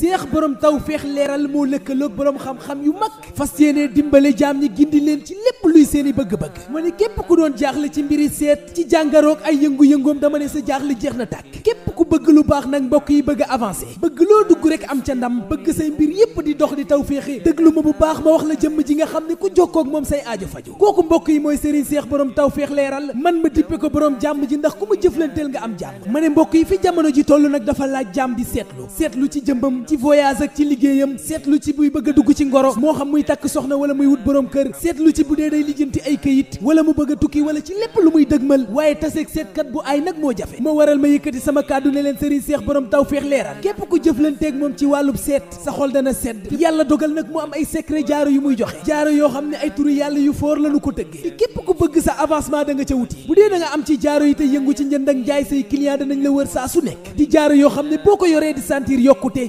seex borom taw feex leeral moo lëkkaloog borom xam-xam yu mag fas yéene dimbale jaam ñi gindi leen ci lépp luy seeni bëgg-bëgg ma ne képp ku doon jaaxle ci mbiri seet ci jàngaroog ay yëngu-yëngoom dama ne sa jaaxle jeex na tàkk képp ku bëgg lu baax nag mbokk yi bëgg a bëgg loo dugg rek am ca ndam bëgg say mbir yépp di dox di taw féexe dëglu ma bu baax ma wax la jëmm ji nga xam ne ku jokkoo moom say aajo faju kooku mbokk yi mooy Serigne Seex borom taw feex leeral man ma dippe ko borom jàmm ji ndax ku ma jëflanteel nga am jàmm ma ne mbokk yi fi jamono ji toll nag dafa laaj jàmm di seetlu seetlu ci jëmbam ci voyage ak ci liggéeyam seetlu ci buy bëgg dugg ci ngoro moo xam muy takk soxna wala muy wut borom kër seetlu ci bu dee day lijjanti ay këyit wala mu bëgg tukki wala ci lépp lu muy dëgmal waaye taseeg seetkat bu ay nag moo jafe moo waral ma yëkkati sama kàddu ne leen sëriñ seex borom taw feex leeral képp ku jëflanteeg moom ci wàllub seet sa xol dana sedd yàlla dogal nag mu am ay secret jaaro yu muy joxe jaaro yoo xam ne ay turu yàlla yu foor lanu ko tëggee képp ku bëgg sa avancement da nga ca wuti bu am ci jaaro yi te yëngu ci njënd ak jaay say client danañ la wër saa su nekk di jaaro yoo xam ne boo ko yoree di sentir yokkute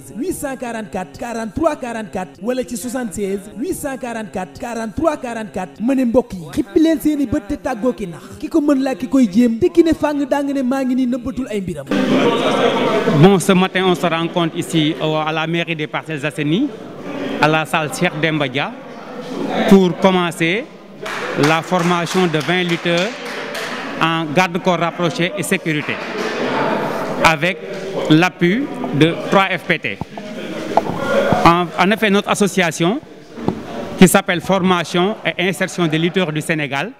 76 844 43 44 wala ci 76 844 43 44 ma ne mbokk yi xippi leen seen i bët te tàggoo ki nax ki ko mën laa ki koy jéem te ki ne fàng daa ne maa ngi ni nëbbatul ay mbiram. Bon, ce matin on se rencontre ici à la mairie des Parcelles Assainies à la salle Cheikh Demba Dia pour commencer la formation de 20 lutteurs en garde-corps rapproché et sécurité avec l'appui de 3FPT. En, en, effet, notre association, qui s'appelle Formation et Insertion des lutteurs du Sénégal,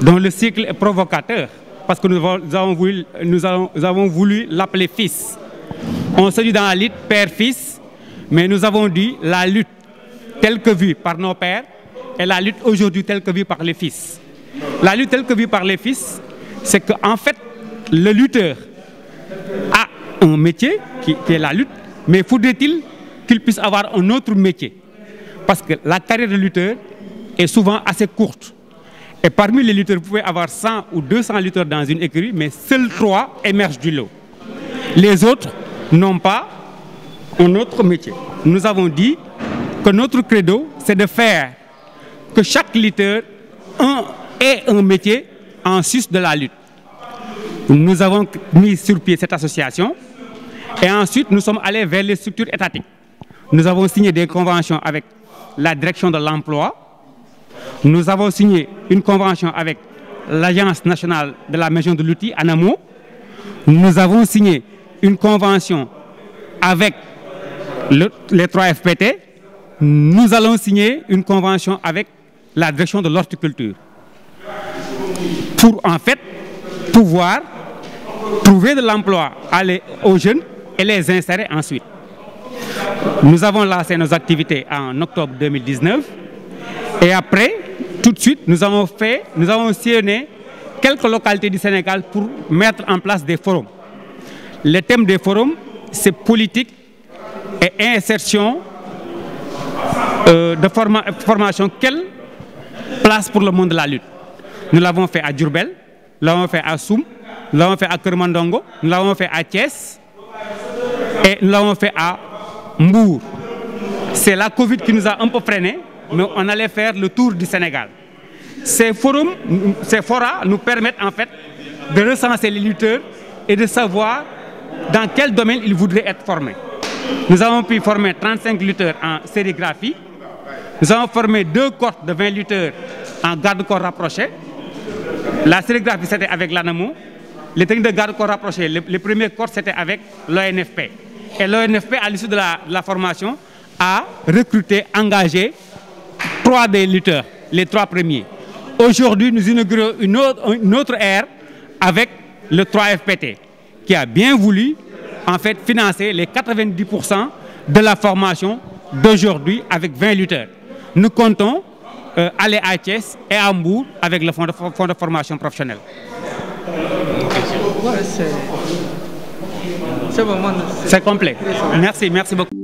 dont le cycle est provocateur, parce que nous avons voulu, nous l'appeler fils. On se dit dans la lutte père-fils, mais nous avons dit la lutte telle que vue par nos pères et la lutte aujourd'hui telle que vue par les fils. La que en fait, le lutteur un métier qui, qui est la lutte, mais faudrait-il qu'il puisse avoir un autre métier Parce que la carrière de lutteur est souvent assez courte. Et parmi les lutteurs, vous pouvez avoir 100 ou 200 lutteurs dans une écurie, mais seuls 3 émergent du lot. Les autres n'ont pas un autre métier. Nous avons dit que notre credo, c'est de faire que chaque lutteur un, ait un métier en sus de la lutte. Nous avons mis sur pied cette association et ensuite nous sommes allés vers les structures étatiques. Nous avons signé des conventions avec la direction de l'emploi. Nous avons signé une convention avec l'Agence nationale de la maison de l'outil, ANAMO. Nous avons signé une convention avec le, les 3 FPT. Nous allons signer une convention avec la direction de l'horticulture pour en fait pouvoir trouver de l'emploi aux jeunes et les insérer ensuite. Nous avons lancé nos activités en octobre 2019 et après, tout de suite, nous avons fait, nous avons sillonné quelques localités du pour mettre en place des forums. Le thème des forums, c'est politique et insertion euh, de forma Quelle place pour le monde la lutte nous l'avons fait à Kermandongo, nous l'avons fait à Thiès et nous l'avons le tour du Sénégal. Ces forums, ces forats nous en fait de recenser les lutteurs et de savoir dans quel domaine ils voudraient être formés. Nous avons pu former 35 lutteurs en sérigraphie. Nous avons formé deux cohortes La sérigraphie, Les techniques de garde-corps rapprochés, le, le, premier corps, c'était avec l'ONFP. Et l'ONFP, à l'issue de, de la, formation, a recruté, engagé trois des lutteurs, les trois premiers. Aujourd'hui, nous inaugurons une autre, une autre ère avec le 3FPT, bien voulu, en fait, financer les 90% de la formation d'aujourd'hui avec 20 lutteurs. Nous comptons euh, aller à Thiès et à Hambourg avec le fonds formation professionnelle. Ouais, c'est bon, moi, c'est complet. Merci, merci beaucoup.